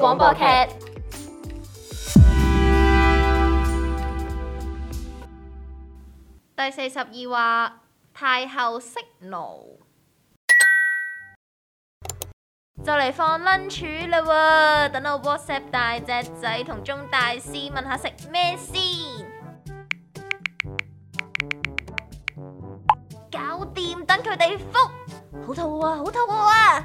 廣播劇第四十二話，太后息怒」就嚟 放 lunch 啦！等我 WhatsApp 大隻仔同鍾大師問下食咩先，搞掂等佢哋覆，好肚餓啊！好肚餓啊！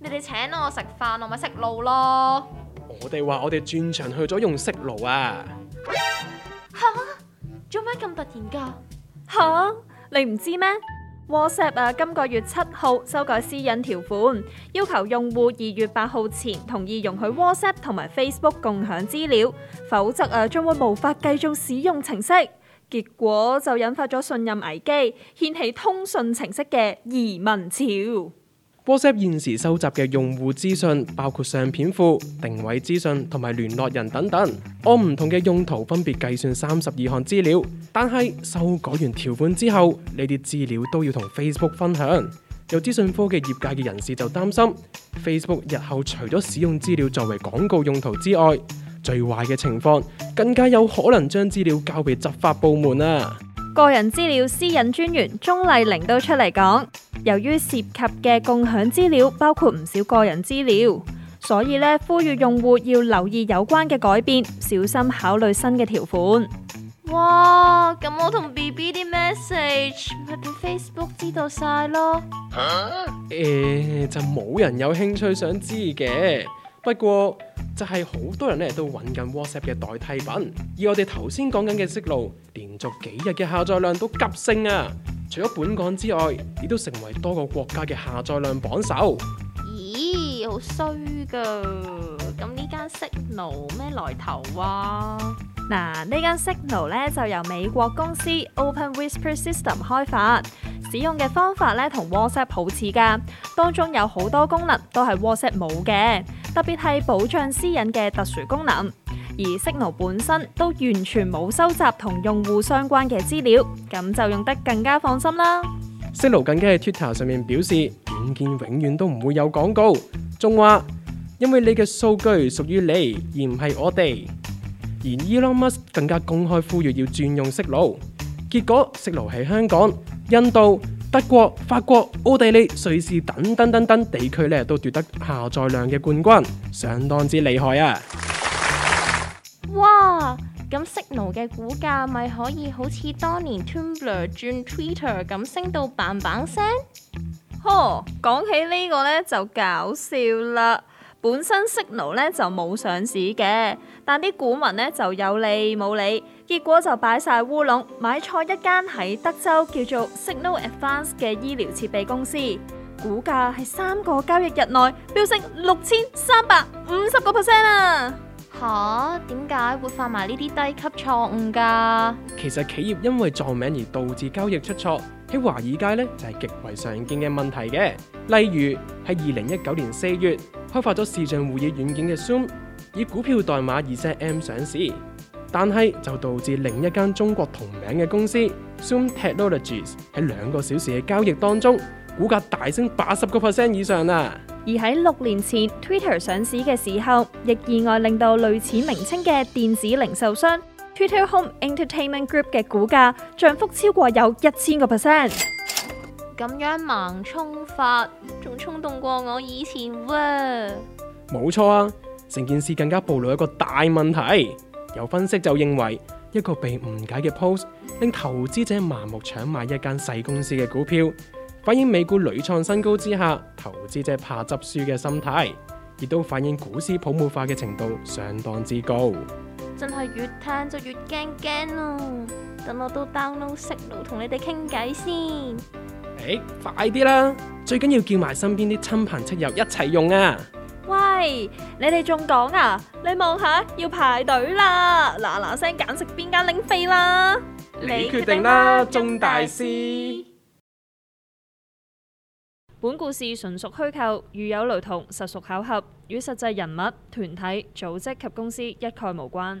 你哋請我食飯，我咪息怒咯。我哋話我哋轉場去咗用 Signal 啊！吓，做咩咁突然㗎？吓，你唔知咩？WhatsApp 啊，今個月七號修改私隱條款，要求用戶二月八號前同意容許 WhatsApp 同埋 Facebook 共享資料，否則啊將會無法繼續使用程式。結果就引發咗信任危機，掀起通訊程式嘅移民潮。WhatsApp 現時收集嘅用戶資訊包括相片庫、定位資訊同埋聯絡人等等，按唔同嘅用途分別計算三十二項資料。但係修改完條款之後，呢啲資料都要同 Facebook 分享。有資訊科技業界嘅人士就擔心，Facebook 日後除咗使用資料作為廣告用途之外，最壞嘅情況更加有可能將資料交俾執法部門啊！個人資料私隱專員鍾麗玲都出嚟講。由於涉及嘅共享資料包括唔少個人資料，所以咧呼籲用戶要留意有關嘅改變，小心考慮新嘅條款。哇，咁我同 BB 啲 message 咪俾 Facebook 知道晒咯？誒，就冇人有興趣想知嘅。不過就係好多人咧都搵緊 WhatsApp 嘅代替品，而我哋頭先講緊嘅息怒，連續幾日嘅下載量都急升啊！除咗本港之外，亦都成為多個國家嘅下載量榜首。咦，好衰噶！咁呢間 Signal 咩來頭啊？嗱，呢間 Signal 咧就由美國公司 Open Whisper System 開發，使用嘅方法咧同 WhatsApp 好似噶，當中有好多功能都係 WhatsApp 冇嘅，特別係保障私隱嘅特殊功能。而 Signal 本身都完全冇收集同用戶相關嘅資料，咁就用得更加放心啦。Signal 近期喺 Twitter 上面表示，軟件永遠都唔會有廣告，仲話因為你嘅數據屬於你，而唔係我哋。而 Elon Musk 更加公開呼籲要轉用 Signal，結果 Signal 喺香港、印度、德國、法國、奧地利、瑞士等等等等地區咧都奪得下載量嘅冠軍，相當之厲害啊！Signal 嘅股價咪可以好似當年 Tumblr 轉 Twitter 咁升到棒棒聲？呵，講起呢個咧就搞笑啦。本身 Signal 咧就冇上市嘅，但啲股民咧就有理冇理，結果就擺晒烏龍，買錯一間喺德州叫做 Signal Advance 嘅醫療設備公司，股價係三個交易日內飆升六千三百五十個 percent 啊！吓，點解會犯埋呢啲低級錯誤噶？其實企業因為撞名而導致交易出錯，喺華爾街呢就係極為常見嘅問題嘅。例如喺二零一九年四月，開發咗視像會議軟件嘅 Zoom 以股票代碼 ZM 上市，但係就導致另一間中國同名嘅公司 Zoom Technologies 喺兩個小時嘅交易當中，股價大升八十個 percent 以上啊！而喺六年前 Twitter 上市嘅時候，亦意外令到類似名稱嘅電子零售商 Twitter Home Entertainment Group 嘅股價漲幅超過有一千個 percent。咁樣盲衝法，仲衝動過我以前哇！冇錯啊，成、啊、件事更加暴露一個大問題。有分析就認為，一個被誤解嘅 post 令投資者盲目搶買一間細公司嘅股票。反映美股屢創新高之下，投資者怕執輸嘅心態，亦都反映股市泡沫化嘅程度相當之高。真係越聽就越驚驚咯！等我到 download signal，同你哋傾偈先。誒、欸，快啲啦！最緊要叫埋身邊啲親朋戚友一齊用啊！喂，你哋仲講啊？你望下要排隊啦，嗱嗱聲揀食邊間拎飛啦！你決定啦，鍾大師。本故事純屬虛構，如有雷同，實屬巧合，與實際人物、團體、組織及公司一概無關。